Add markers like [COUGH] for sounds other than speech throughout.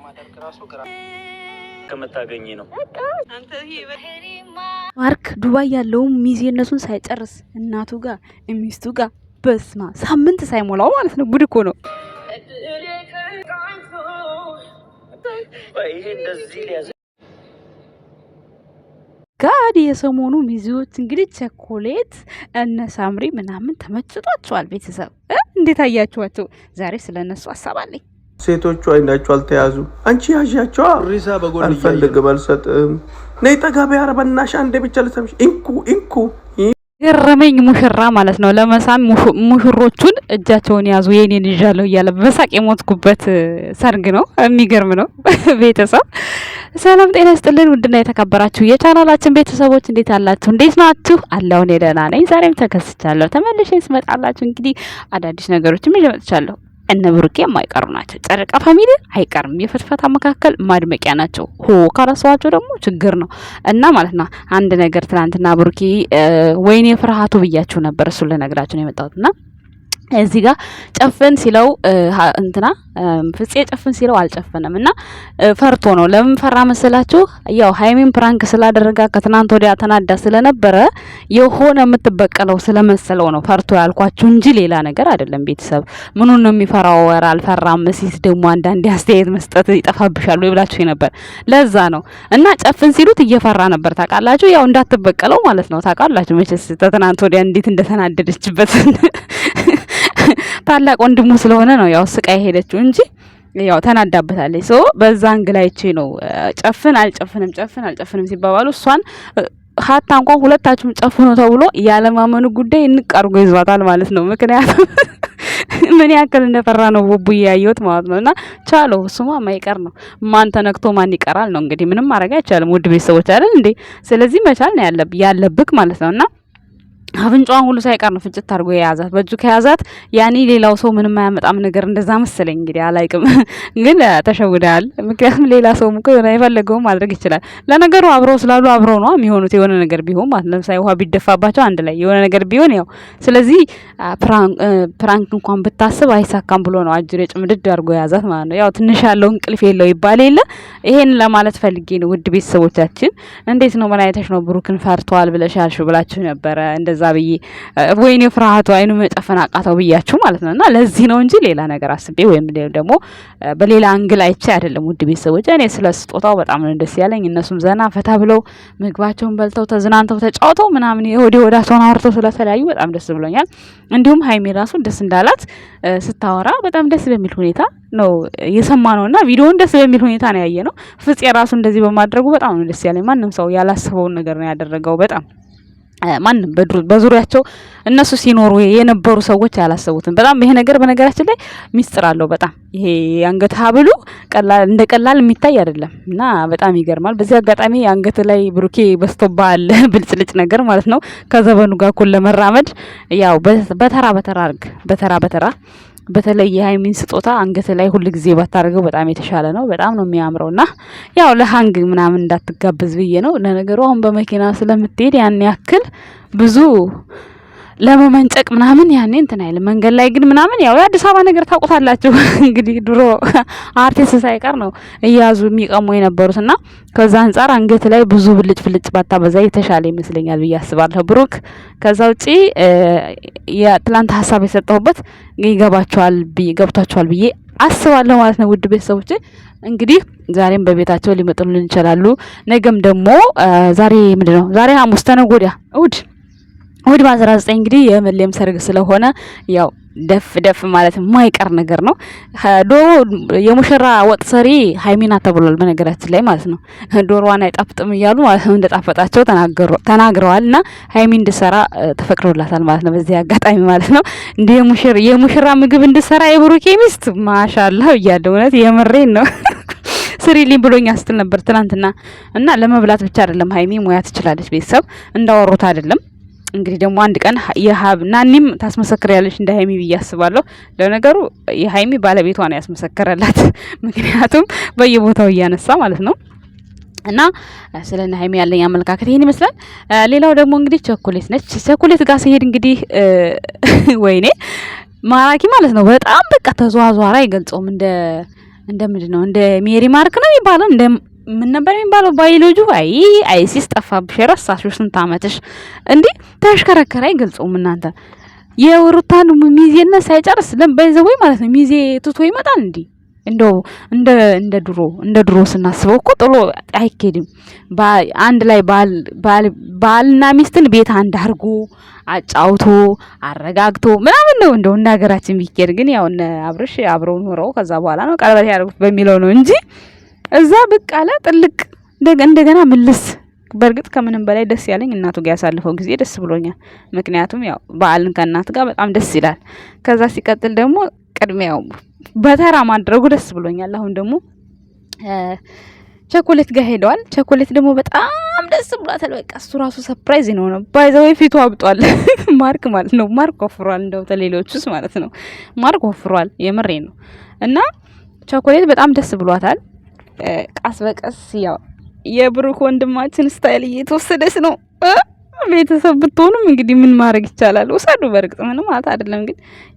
እንደማደርግ ራሱ ግራ ከምታገኝ ነው። ማርክ ዱባይ ያለውን ሚዜ እነሱን ሳይጨርስ እናቱ ጋር ሚስቱ ጋር በስማ ሳምንት ሳይሞላው ማለት ነው። ጉድ እኮ ነው። ጋድ የሰሞኑ ሚዜዎች እንግዲህ ቸኮሌት እነ ሳምሪ ምናምን ተመችቷቸዋል። ቤተሰብ እንዴት አያችኋቸው? ዛሬ ስለ እነሱ አለኝ። ሴቶቹ አይናቸው አልተያዙ። አንቺ ያዣቸዋ ሪሳ በጎን አልፈልግም፣ አልሰጥም። ነይ ጠጋ በይ፣ ኧረ በናትሽ አንዴ ብቻ ልሰምሽ። እንኩ እንኩ ገረመኝ ሙሽራ ማለት ነው። ለመሳም ሙሽሮቹን እጃቸውን ያዙ የኔን ይዣለሁ እያለ በሳቅ የሞትኩበት ሰርግ ነው። የሚገርም ነው። [LAUGHS] ቤተሰብ ሰላም ጤና ይስጥልን። ውድና የተከበራችሁ የቻናላችን ቤተሰቦች እንዴት አላችሁ? እንዴት ናችሁ? አለሁ እኔ ደህና ነኝ። ዛሬም ተከስቻለሁ። ተመልሼ ስመጣላችሁ እንግዲህ አዳዲስ ነገሮችም ይዤ መጥቻለሁ። እነ ብሩኬ የማይቀሩ ናቸው። ጨረቃ ፋሚሊ አይቀርም። የፍትፈታ መካከል ማድመቂያ ናቸው። ሆ ካላሰዋቸው ደግሞ ችግር ነው እና ማለት ነው። አንድ ነገር ትናንትና ብሩኬ ወይኔ ፍርሃቱ ብያችሁ ነበር። እሱን ልነግራችሁ ነው የመጣሁት እና እዚህ ጋር ጨፍን ሲለው እንትና ፍጼ ጨፍን ሲለው አልጨፈንም እና ፈርቶ ነው። ለምን ፈራ መሰላችሁ? ያው ሀይሚን ፕራንክ ስላደረጋ ከትናንት ወዲያ ተናዳ ስለነበረ የሆነ የምትበቀለው ስለመሰለው ነው ፈርቶ ያልኳችሁ እንጂ ሌላ ነገር አይደለም። ቤተሰብ ምኑ ነው የሚፈራው? ወር አልፈራም። ሲስ ደግሞ አንዳንዴ አስተያየት መስጠት ይጠፋብሻሉ ይብላችሁ ነበር። ለዛ ነው እና ጨፍን ሲሉት እየፈራ ነበር። ታውቃላችሁ፣ ያው እንዳትበቀለው ማለት ነው። ታውቃላችሁ መቼስ ከትናንት ወዲያ እንዴት እንደተናደደችበት ታላቅ ወንድሙ ስለሆነ ነው ያው ስቃይ ሄደችው እንጂ ያው ተናዳበታለች። ሶ በዛ እንግላይቼ ነው ጨፍን አልጨፍንም ጨፍን አልጨፍንም ሲባባሉ እሷን ሀታ እንኳን ሁለታችሁም ጨፍኑ ተብሎ ያለማመኑ ጉዳይ እንቀርጎ ይዟታል ማለት ነው። ምክንያቱም [LAUGHS] ምን ያክል እንደፈራ ነው ቡቡ እያየሁት ማለት ነው። እና ቻሎ ስማ ማይቀር ነው። ማን ተነክቶ ማን ይቀራል ነው እንግዲህ ምንም ማድረግ አይቻልም። ውድ ቤተሰቦች አይደል እንዴ? ስለዚህ መቻል ነው ያለብ ያለብክ ማለት ነው እና አፍንጫዋን ሁሉ ሳይቀር ነው ፍጭት አድርጎ የያዛት። በእጁ ከያዛት ያኔ ሌላው ሰው ምንም አያመጣም ነገር እንደዛ መሰለኝ። እንግዲህ አላይቅም፣ [LAUGHS] ግን ተሸውደሃል። ምክንያቱም ሌላ ሰውም እኮ የሆነ የፈለገውን ማድረግ ይችላል። ለነገሩ አብረው ስላሉ አብረው ነው የሚሆኑት። የሆነ ነገር ቢሆን ማለት ለምሳሌ ውሃ ቢደፋባቸው አንድ ላይ የሆነ ነገር ቢሆን ያው፣ ስለዚህ ፕራንክ እንኳን ብታስብ አይሳካም ብሎ ነው አጅሬ ጭምድድ አድርጎ የያዛት ማለት ነው። ያው ትንሽ ያለው እንቅልፍ የለው ይባል የለ። ይሄን ለማለት ፈልጌ ነው። ውድ ቤተሰቦቻችን እንዴት ነው? ምን አይተሽ ነው ብሩክን ፈርተዋል ብለሽ ያልሽው ብላችሁ ነበረ እንደዛ እንደዛ ብዬ ወይኔ ፍርሃቱ አይኑ መጨፈን አቃተው ብያችሁ ማለት ነው። እና ለዚህ ነው እንጂ ሌላ ነገር አስቤ ወይም ደግሞ በሌላ አንግል አይቼ አይደለም። ውድ ቤተሰቦች እኔ ስለ ስጦታው በጣም ነው ደስ ያለኝ። እነሱም ዘና ፈታ ብለው ምግባቸውን በልተው ተዝናንተው ተጫውተው ምናምን የወደ ወዳቸውን አውርተው ስለተለያዩ በጣም ደስ ብሎኛል። እንዲሁም ሀይሜ ራሱ ደስ እንዳላት ስታወራ በጣም ደስ በሚል ሁኔታ ነው የሰማ ነው እና ቪዲዮውን ደስ በሚል ሁኔታ ነው ያየ ነው። ፍፄ ራሱ እንደዚህ በማድረጉ በጣም ነው ደስ ያለኝ። ማንም ሰው ያላሰበውን ነገር ነው ያደረገው በጣም ማንም በዙሪያቸው እነሱ ሲኖሩ የነበሩ ሰዎች አላሰቡትም። በጣም ይሄ ነገር በነገራችን ላይ ሚስጥር አለው። በጣም ይሄ አንገት ሀብሉ ቀላል እንደ ቀላል የሚታይ አይደለም እና በጣም ይገርማል። በዚህ አጋጣሚ አንገት ላይ ብሩኬ በስቶባል [LAUGHS] ብልጭልጭ ነገር ማለት ነው። ከዘበኑ ጋር እኩል ለመራመድ ያው በተራ በተራ አርግ በተራ በተራ በተለይ የሀይሚን ስጦታ አንገት ላይ ሁል ጊዜ ባታደርገው በጣም የተሻለ ነው። በጣም ነው የሚያምረው እና ያው ለሀንግ ምናምን እንዳትጋብዝ ብዬ ነው። ለነገሩ አሁን በመኪና ስለምትሄድ ያን ያክል ብዙ ለመመንጨቅ ምናምን ያኔ እንትን አይልም። መንገድ ላይ ግን ምናምን ያው የአዲስ አበባ ነገር ታውቁታላችሁ [LAUGHS] እንግዲህ ድሮ አርቲስት ሳይቀር ነው እያዙ የሚቀሙ የነበሩት እና ከዛ አንጻር አንገት ላይ ብዙ ብልጭ ብልጭ ባታ በዛ የተሻለ ይመስለኛል ብዬ አስባለሁ። ብሩክ ከዛ ውጪ የትላንት ሀሳብ የሰጠሁበት ይገባቸዋል ገብቷቸዋል ብዬ አስባለሁ ማለት ነው። ውድ ቤተሰቦች እንግዲህ ዛሬም በቤታቸው ሊመጡልን ይችላሉ። ነገም ደግሞ ዛሬ ምንድን ነው ዛሬ ሐሙስ ተነጎዳ እሁድ እሑድ በ19 እንግዲህ የመሌም ሰርግ ስለሆነ ያው ደፍ ደፍ ማለት የማይቀር ነገር ነው። ዶሮ የሙሽራ ወጥ ሰሪ ሀይሚና ተብሏል። በነገራችን ላይ ማለት ነው ዶሮዋን አይጣፍጥም እያሉ ማለት ነው እንደጣፈጣቸው ተናግረዋል። እና ሀይሚ እንድሰራ ተፈቅዶላታል ማለት ነው። በዚህ አጋጣሚ ማለት ነው እንደ የሙሽራ ምግብ እንድሰራ የብሩኬ ሚስት ማሻላ እያለው እውነት የምሬን ነው [LAUGHS] ስሪሊን ብሎኛ ስትል ነበር ትናንትና። እና ለመብላት ብቻ አይደለም ሀይሚ ሙያ ትችላለች። ቤተሰብ እንዳወሩት አይደለም እንግዲህ ደግሞ አንድ ቀን ናኒም ታስመሰክር ያለች እንደ ሀይሚ ብዬ አስባለሁ። ለነገሩ የሀይሚ ባለቤቷ ነው ያስመሰከረላት፣ [LAUGHS] ምክንያቱም በየቦታው እያነሳ ማለት ነው። እና ስለ ሀይሚ ያለኝ አመለካከት ይህን ይመስላል። ሌላው ደግሞ እንግዲህ ቸኮሌት ነች። ቸኮሌት ጋር ሲሄድ እንግዲህ [LAUGHS] ወይኔ ማራኪ ማለት ነው። በጣም በቃ ተዟዟራ አይገልጸውም እንደ እንደ ምንድን ነው እንደ ሜሪ ማርክ ነው የሚባለው እንደ ምን ነበር የሚባለው? ባዮሎጂ አይ አይሲስ ጠፋብሽ፣ የረሳሽው ስንት አመትሽ? እንዴ ተሽከረከረ አይገልጸውም። እናንተ የሩታን ሚዜነት ሳይጨርስ በይዘወይ ማለት ነው ሚዜ ትቶ ይመጣል። እንዴ? እንደው እንደ እንደ ድሮ እንደ ድሮ ስናስበው እኮ ጥሎ አይኬድም። አንድ ላይ ባል ባልና ሚስትን ቤት አንድ አድርጎ አጫውቶ አረጋግቶ ምናምን ነው እንደው እንደ ሀገራችን ቢኬድ። ግን ያው እነ አብርሽ አብረው ኖረው ከዛ በኋላ ነው ቀለበት ያደርጉት በሚለው ነው እንጂ እዛ ብቅ አለ ጥልቅ እንደገና ምልስ። በእርግጥ ከምንም በላይ ደስ ያለኝ እናቱ ጋር ያሳልፈው ጊዜ ደስ ብሎኛል። ምክንያቱም ያው በዓልን ከእናት ጋር በጣም ደስ ይላል። ከዛ ሲቀጥል ደግሞ ቅድሚያው በተራ ማድረጉ ደስ ብሎኛል። አሁን ደግሞ ቸኮሌት ጋር ሄደዋል። ቸኮሌት ደግሞ በጣም ደስ ብሏታል። በቃ እሱ ራሱ ሰፕራይዝ ነው ነው ባይዘወይ ፊቱ አብጧል። [LAUGHS] ማርክ ማለት ነው ማርክ ወፍሯል። እንደው ተሌሎቹስ ማለት ነው ማርክ ወፍሯል። የምሬ ነው እና ቸኮሌት በጣም ደስ ብሏታል። ቀስ በቀስ ያው የብሩክ ወንድማችን ስታይል እየተወሰደች ነው። ቤተሰብ ብትሆኑም እንግዲህ ምን ማድረግ ይቻላል? ውሰዱ። በርግጥ ምን ማለት አይደለም፣ ግን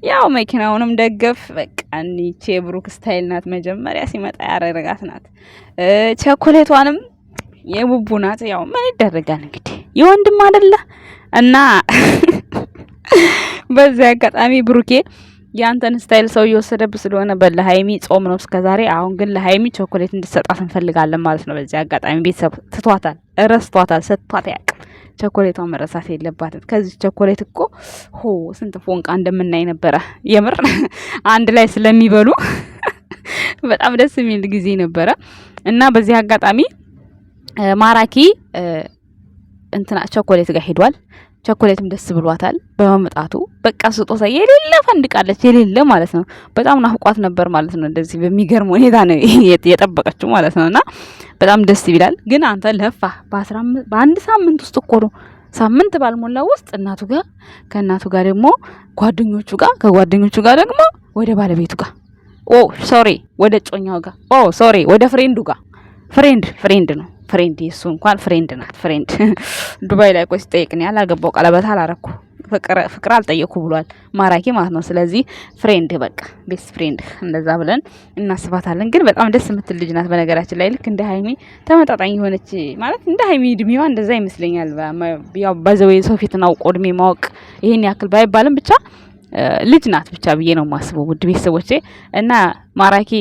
ያው መኪናውንም ደገፍ። በቃ ኒቼ የብሩክ ስታይል ናት። መጀመሪያ ሲመጣ ያረረጋት ናት። ቸኮሌቷንም የቡቡ ናት። ያው ምን ይደረጋል እንግዲህ የወንድም አይደለ እና [LAUGHS] በዚህ አጋጣሚ ብሩኬ ያንተን ስታይል ሰው እየወሰደብህ ስለሆነ በለሀይሚ ጾም ነው እስከዛሬ። አሁን ግን ለሀይሚ ቾኮሌት እንድሰጣት እንፈልጋለን ማለት ነው። በዚህ አጋጣሚ ቤተሰብ ትቷታል፣ እረስቷታል፣ ሰጥቷት ያቅ ቸኮሌቷን መረሳት የለባትም። ከዚህ ቸኮሌት እኮ ሆ ስንት ፎንቃ እንደምናይ ነበረ። የምር አንድ ላይ ስለሚበሉ [LAUGHS] በጣም ደስ የሚል ጊዜ ነበረ እና በዚህ አጋጣሚ ማራኪ እንትና ቸኮሌት ጋር ሄዷል። ቸኮሌትም ደስ ብሏታል በመምጣቱ በቃ ስጦታ የሌለ ፈንድቃለች፣ የሌለ ማለት ነው። በጣም ናፍቋት ነበር ማለት ነው። እንደዚህ በሚገርም ሁኔታ ነው የጠበቀችው ማለት ነው። እና በጣም ደስ ይላል። ግን አንተ ለፋ በአንድ ሳምንት ውስጥ እኮ ነው ሳምንት ባልሞላ ውስጥ እናቱ ጋር ከእናቱ ጋር ደግሞ ጓደኞቹ ጋር ከጓደኞቹ ጋር ደግሞ ወደ ባለቤቱ ጋር ኦ ሶሪ ወደ ጮኛው ጋር ኦ ሶሪ ወደ ፍሬንዱ ጋር ፍሬንድ ፍሬንድ ነው ፍሬንድ የሱ እንኳን ፍሬንድ ናት ፍሬንድ [LAUGHS] ዱባይ ላይ ቆይ ስጠይቅ ነው ያላገባው ቀለበት አላረኩ ፍቅር አልጠየኩ ብሏል ማራኪ ማለት ነው። ስለዚህ ፍሬንድ በቃ ቤስት ፍሬንድ እንደዛ ብለን እናስባታለን። ግን በጣም ደስ የምትል ልጅ ናት። በነገራችን ላይ ልክ እንደ ሀይሚ ተመጣጣኝ የሆነች ማለት እንደ ሀይሚ እድሜዋ እንደዛ ይመስለኛል። ያው ባዘዌ ሰው ፊት አውቆ እድሜ ማወቅ ይሄን ያክል ባይባልም ብቻ ልጅ ናት ብቻ ብዬ ነው የማስበው። ውድ ቤተሰቦቼ እና ማራኪ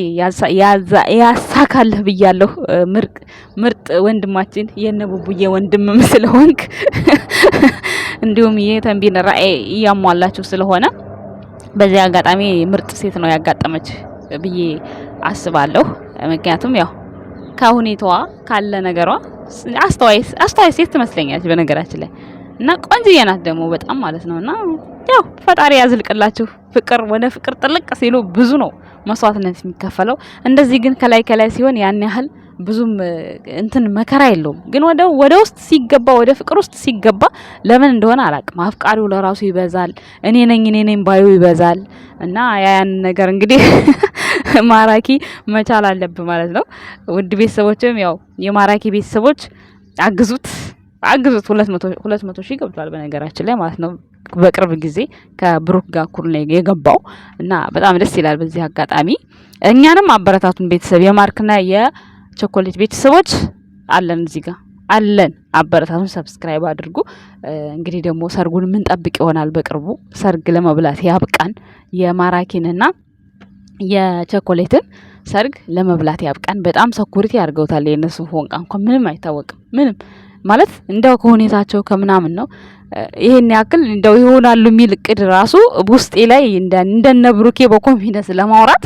ያሳካልህ ብያለሁ። ምርጥ ምርጥ ወንድማችን የነቡቡዬ ወንድምም ስለሆንክ እንዲሁም የተንቢን ራእይ እያሟላችሁ ስለሆነ በዚህ አጋጣሚ ምርጥ ሴት ነው ያጋጠመች ብዬ አስባለሁ። ምክንያቱም ያው ከሁኔታዋ ካለ ነገሯ አስተዋይ ሴት ትመስለኛለች በነገራችን ላይ እና ቆንጅዬ ናት ደግሞ በጣም ማለት ነው። እና ያው ፈጣሪ ያዝልቅላችሁ። ፍቅር ወደ ፍቅር ጥልቅ ሲሉ ብዙ ነው መስዋዕትነት የሚከፈለው። እንደዚህ ግን ከላይ ከላይ ሲሆን ያን ያህል ብዙም እንትን መከራ የለውም። ግን ወደ ወደ ውስጥ ሲገባ ወደ ፍቅር ውስጥ ሲገባ ለምን እንደሆነ አላቅም፣ አፍቃሪው ለራሱ ይበዛል። እኔ ነኝ እኔ ነኝ ባዩ ይበዛል። እና ያን ነገር እንግዲህ [LAUGHS] ማራኪ መቻል አለብ ማለት ነው። ውድ ቤተሰቦችም ያው የማራኪ ቤተሰቦች አግዙት አግዙት። ሁለት መቶ ሺህ ገብቷል በነገራችን ላይ ማለት ነው በቅርብ ጊዜ ከብሩክ ጋር እኩል ነው የገባው እና በጣም ደስ ይላል። በዚህ አጋጣሚ እኛንም አበረታቱን ቤተሰብ የማርክና የ ቸኮሌት ቤተሰቦች አለን እዚህ ጋር አለን። አበረታቱን፣ ሰብስክራይብ አድርጉ። እንግዲህ ደግሞ ሰርጉን ምን ጠብቅ ይሆናል። በቅርቡ ሰርግ ለመብላት ያብቃን። የማራኪንና የቸኮሌትን ሰርግ ለመብላት ያብቃን። በጣም ሰኩሪቲ ያድርገውታል። የእነሱ ፎንቃ እንኳ ምንም አይታወቅም ምንም ማለት እንደው ከሁኔታቸው ከምናምን ነው ይሄን ያክል እንደው ይሆናሉ የሚል እቅድ ራሱ ውስጤ ላይ እንደነ ብሩኬ በኮንፊደንስ ለማውራት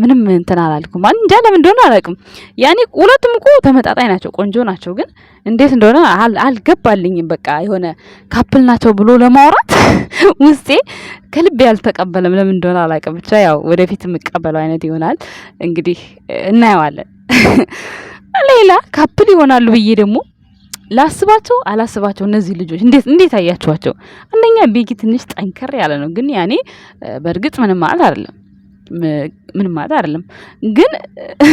ምንም እንትን አላልኩም። ማን እንጃ ለምን እንደሆነ አላውቅም። ያኔ ሁለቱም እኮ ተመጣጣኝ ናቸው፣ ቆንጆ ናቸው። ግን እንዴት እንደሆነ አልገባልኝም። በቃ የሆነ ካፕል ናቸው ብሎ ለማውራት [LAUGHS] ውስጤ ከልብ ያልተቀበለም ለምን እንደሆነ አላውቅም። ብቻ ያው ወደፊት የምቀበለው አይነት ይሆናል እንግዲህ እናየዋለን። [LAUGHS] ሌላ ካፕል ይሆናሉ ብዬ ደግሞ ላስባቸው አላስባቸው እነዚህ ልጆች እንዴት እንዴት አያችኋቸው? አንደኛ ቤጊ ትንሽ ጠንከር ያለ ነው፣ ግን ያኔ በእርግጥ ምንም ማለት አይደለም ምንም ማለት አይደለም። ግን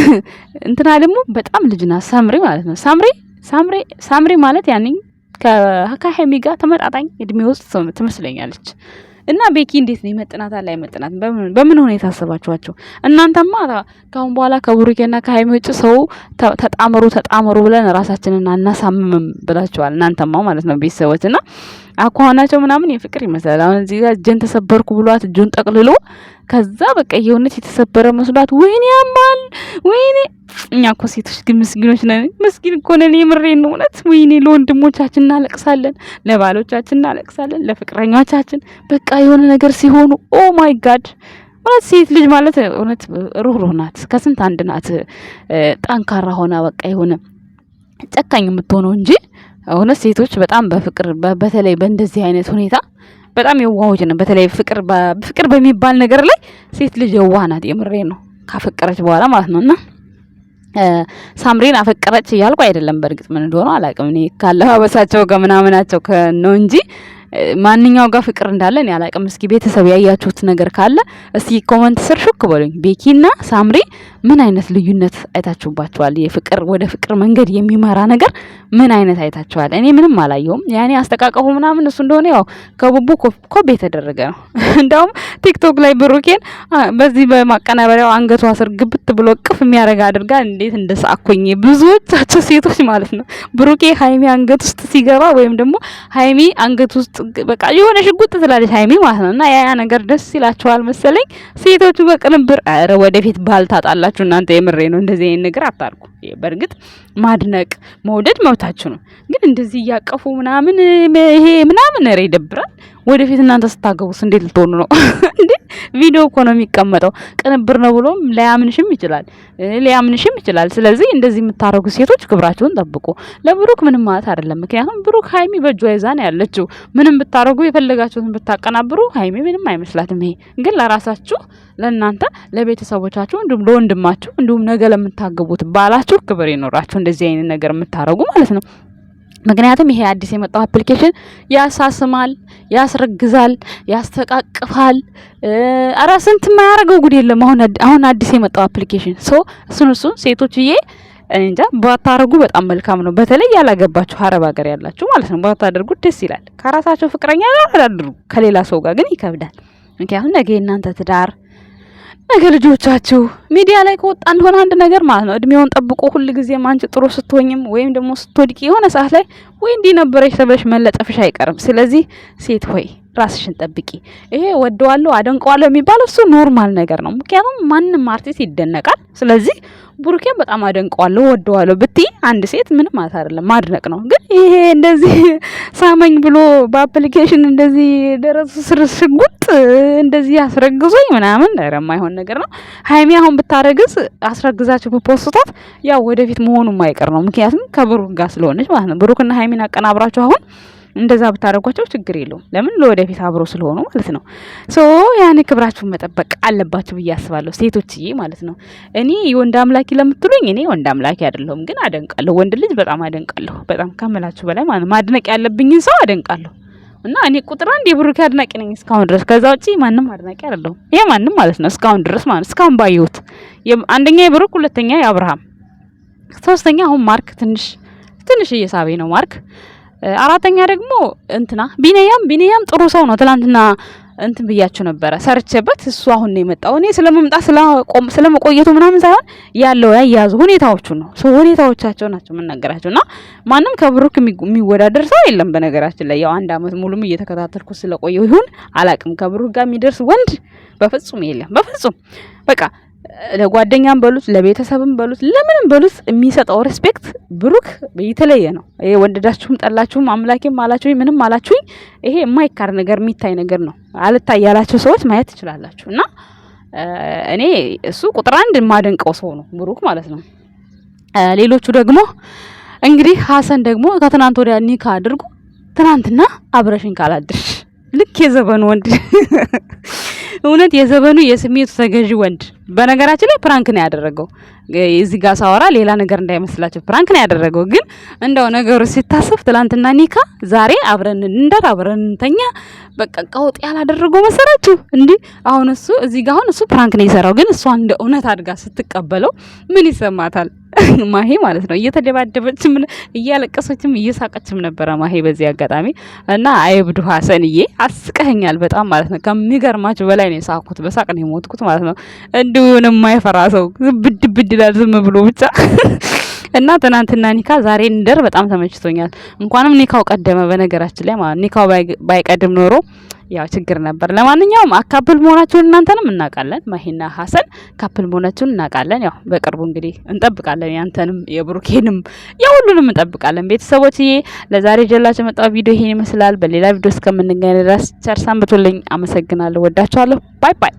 [LAUGHS] እንትና ደግሞ በጣም ልጅና ሳምሪ ማለት ነው። ሳምሪ ሳምሪ ሳምሪ ማለት ያኔ ከሀሚ ጋር ተመጣጣኝ እድሜ ውስጥ ትመስለኛለች። እና ቤኪ እንዴት ነው ይመጥናታል አይመጥናትም? በምን ሁኔታ አስባችኋቸው? እናንተማ ካሁን በኋላ ከቡሩኬና ከሀይሚ ውጭ ሰው ተጣመሩ ተጣመሩ ብለን ራሳችንን አናሳምምም ብላችኋል። እናንተማ ማለት ነው ቤተሰቦች እና አኳኋናቸው ምናምን የፍቅር ይመስላል። አሁን እዚህ ጋር እጄን ተሰበርኩ ብሏት እጁን ጠቅልሎ ከዛ በቃ የእውነት የተሰበረ መስሏት ወይኔ ያማል ወይኔ እኛ እኮ ሴቶች ግን ምስጊኖች ነን። ምስጊን እኮ ነን። የምሬን ነው። እውነት ወይኔ፣ ለወንድሞቻችን እናለቅሳለን፣ ለባሎቻችን እናለቅሳለን፣ ለፍቅረኞቻችን በቃ የሆነ ነገር ሲሆኑ ኦ ማይ ጋድ። እውነት ሴት ልጅ ማለት እውነት ሩህሩህ ናት፣ ከስንት አንድ ናት። ጠንካራ ሆና በቃ የሆነ ጨካኝ የምትሆነው እንጂ እውነት ሴቶች በጣም በፍቅር በተለይ በእንደዚህ አይነት ሁኔታ በጣም የዋሆች ነው። በተለይ ፍቅር በፍቅር በሚባል ነገር ላይ ሴት ልጅ የዋህ ናት። የምሬ ነው ካፈቀረች በኋላ ማለት ነው እና ሳምሪን አፈቀረች እያልኩ አይደለም። በእርግጥ ምን እንደሆነ አላውቅም። እኔ ካለባበሳቸው ከምናምናቸው ነው እንጂ ማንኛው ጋር ፍቅር እንዳለ እኔ አላቅም። እስኪ ቤተሰብ ያያችሁት ነገር ካለ እስኪ ኮመንት ስር ሹክ በሉኝ። ቤኪና ሳምሪ ምን አይነት ልዩነት አይታችሁባቸዋል? የፍቅር ወደ ፍቅር መንገድ የሚመራ ነገር ምን አይነት አይታችኋል? እኔ ምንም አላየሁም። ያኔ አስተቃቀፉ ምናምን እሱ እንደሆነ ያው ከቡቡ ኮብ የተደረገ ነው። [LAUGHS] እንዳውም ቲክቶክ ላይ ብሩኬን በዚህ በማቀናበሪያው አንገቷ ስር ግብት ብሎ ቅፍ የሚያደርግ አድርጋ እንዴት እንደሳቅኩኝ ብዙዎቻቸው ሴቶች ማለት ነው። ብሩኬ ሀይሚ አንገት ውስጥ ሲገባ ወይም ደግሞ ሀይሚ አንገት ውስጥ በቃ የሆነ ሽጉጥ ትላለች ሀይሚ ማለት ነው። እና ያ ነገር ደስ ይላቸዋል መሰለኝ ሴቶቹ በቅንብር። ኧረ ወደፊት ባል ታጣላችሁ እናንተ። የምሬ ነው። እንደዚህ አይነት ነገር አታርጉ። በእርግጥ ማድነቅ መውደድ መብታችሁ ነው፣ ግን እንደዚህ እያቀፉ ምናምን ይሄ ምናምን ኧረ ይደብራል። ወደፊት እናንተ ስታገቡስ እንዴት ልትሆኑ ነው? [LAUGHS] ቪዲዮ እኮ ነው የሚቀመጠው። ቅንብር ነው ብሎ ሊያምንሽም ይችላል ሊያምንሽም ይችላል። ስለዚህ እንደዚህ የምታረጉ ሴቶች ክብራችሁን ጠብቁ። ለብሩክ ምንም ማለት አይደለም። ምክንያቱም ብሩክ ሀይሚ በእጇ ይዛ ነው ያለችው። ምንም ብታረጉ፣ የፈለጋችሁትን ብታቀናብሩ ሀይሚ ምንም አይመስላትም። ይሄ ግን ለራሳችሁ ለእናንተ ለቤተሰቦቻችሁ፣ እንዲሁም ለወንድማችሁ፣ እንዲሁም ነገ ለምታገቡት ባላችሁ ክብር ይኖራችሁ እንደዚህ አይነት ነገር የምታረጉ ማለት ነው። ምክንያቱም ይሄ አዲስ የመጣው አፕሊኬሽን ያሳስማል፣ ያስረግዛል፣ ያስተቃቅፋል። አረ ስንት የማያደርገው ጉድ የለም። አሁን አሁን አዲስ የመጣው አፕሊኬሽን ሶ እሱን እሱን ሴቶች ብዬ እንጃ ባታደርጉ በጣም መልካም ነው። በተለይ ያላገባችሁ አረብ ሀገር ያላችሁ ማለት ነው ባታደርጉት ደስ ይላል። ከራሳቸው ፍቅረኛ ጋር አዳድሩ፣ ከሌላ ሰው ጋር ግን ይከብዳል። ምክንያቱም ነገ የእናንተ ትዳር ነገ ልጆቻችሁ ሚዲያ ላይ ከወጣ እንደሆነ አንድ ነገር ማለት ነው። እድሜውን ጠብቆ ሁል ጊዜ አንቺ ጥሩ ስትሆኝም ወይም ደግሞ ስትወድቂ የሆነ ሰዓት ላይ ወይ እንዲህ ነበረች ተብለሽ መለጠፍሽ አይቀርም። ስለዚህ ሴት ሆይ ራስሽን ጠብቂ። ይሄ ወደዋለሁ አደንቀዋለሁ የሚባለው እሱ ኖርማል ነገር ነው። ምክንያቱም ማንም አርቲስት ይደነቃል። ስለዚህ ብሩኬን በጣም አደንቀዋለሁ ወደዋለሁ ብትይ አንድ ሴት ምንም ማለት አይደለም፣ ማድነቅ ነው። ግን ይሄ እንደዚህ [LAUGHS] ሳመኝ ብሎ በአፕሊኬሽን እንደዚህ ደረሱ ስር ሽጉጥ እንደዚህ አስረግዞኝ ምናምን የማይሆን ነገር ነው። ሀይሚ አሁን ብታረግዝ አስረግዛችሁ ብፖስታት ያው ወደፊት መሆኑ ማይቀር ነው። ምክንያቱም ከብሩክ ጋር ስለሆነች ማለት ነው። ብሩክና ሀይሚን አቀናብራችሁ አሁን እንደዛ ብታደረጓቸው ችግር የለውም። ለምን ለወደፊት አብሮ ስለሆኑ ማለት ነው። ሶ ያን ክብራችሁን መጠበቅ አለባችሁ ብዬ አስባለሁ፣ ሴቶችዬ ማለት ነው። እኔ ወንድ አምላኪ ለምትሉኝ እኔ ወንድ አምላኪ አይደለሁም፣ ግን አደንቃለሁ። ወንድ ልጅ በጣም አደንቃለሁ፣ በጣም ከምላችሁ በላይ ማለት ማድነቅ ያለብኝን ሰው አደንቃለሁ። እና እኔ ቁጥር አንድ የብሩኬ አድናቂ ነኝ እስካሁን ድረስ። ከዛ ውጪ ማንም አድናቂ አይደለሁም። ይሄ ማንም ማለት ነው እስካሁን ድረስ ማለት እስካሁን ባየሁት አንደኛ የብሩክ ሁለተኛ የአብርሃም ሶስተኛ አሁን ማርክ ትንሽ ትንሽ እየሳቤ ነው ማርክ አራተኛ ደግሞ እንትና ቢኒያም ቢኒያም ጥሩ ሰው ነው። ትላንትና እንትን ብያችሁ ነበረ ሰርቼበት እሱ አሁን ነው የመጣው። እኔ ስለመምጣት ስለመቆየቱ ምናምን ሳይሆን ያለው ያያዙ ሁኔታዎቹ ነው። ሶ ሁኔታዎቻቸው ናቸው የምናገራቸው እና ማንም ከብሩክ የሚወዳደር ሰው የለም። በነገራችን ላይ ያው አንድ አመት ሙሉም እየተከታተልኩ ስለቆየው ይሁን አላቅም፣ ከብሩክ ጋር የሚደርስ ወንድ በፍጹም የለም። በፍጹም በቃ ለጓደኛም በሉት ለቤተሰብም በሉት ለምንም በሉት የሚሰጠው ሬስፔክት ብሩክ የተለየ ነው። ይሄ ወደዳችሁም ጠላችሁም አምላኬም አላችሁኝ ምንም አላችሁኝ ይሄ የማይካር ነገር የሚታይ ነገር ነው። አልታይ ያላችሁ ሰዎች ማየት ትችላላችሁ። እና እኔ እሱ ቁጥር አንድ የማደንቀው ሰው ነው ብሩክ ማለት ነው። ሌሎቹ ደግሞ እንግዲህ ሀሰን ደግሞ ከትናንት ወዲያ ኒካ አድርጉ ትናንትና አብረሽኝ ካላድርሽ ልክ የዘበኑ ወንድ [LAUGHS] እውነት የዘበኑ የስሜቱ ተገዢ ወንድ በነገራችን ላይ ፕራንክ ነው ያደረገው። እዚህ ጋር ሳወራ ሌላ ነገር እንዳይመስላቸው ፕራንክ ነው ያደረገው። ግን እንደው ነገሩ ሲታሰብ ትላንትና ኒካ፣ ዛሬ አብረን እንደር አብረን እንተኛ በቃ ቀውጥ ያላደረገው መሰራችሁ እንዴ? አሁን እሱ እዚህ ጋር አሁን እሱ ፕራንክ ነው የሰራው። ግን እሷ እንደ እውነት አድጋ ስትቀበለው ምን ይሰማታል? [LAUGHS] ማሄ ማለት ነው እየተደባደበችም እያለቀሰችም እየሳቀችም ነበረ ማሄ በዚህ አጋጣሚ እና አይብዱ ሀሰንዬ አስቀኸኛል በጣም ማለት ነው። ከሚገርማችሁ በላይ ነው የሳኩት፣ በሳቅ ነው የሞትኩት ማለት ነው። እንደው የማይፈራ ሰው ብድ ብድ ይላል ዝም ብሎ ብቻ እና ትናንትና ኒካ ዛሬ እንደር በጣም ተመችቶኛል። እንኳንም ኒካው ቀደመ። በነገራችን ላይ ማለት ኒካው ባይቀድም ኖሮ ያው ችግር ነበር። ለማንኛውም አካፕል መሆናችሁን እናንተንም እናውቃለን። ማሂና ሀሰን ካፕል መሆናችሁን እናውቃለን። ያው በቅርቡ እንግዲህ እንጠብቃለን። ያንተንም፣ የብሩኬንም፣ የሁሉንም እንጠብቃለን። ቤተሰቦችዬ ለዛሬ ጀላችሁ የመጣው ቪዲዮ ይሄን ይመስላል። በሌላ ቪዲዮ እስከምንገናኝ ድረስ ቸር ሰንብቱልኝ። አመሰግናለሁ። ወዳችኋለሁ። ባይ ባይ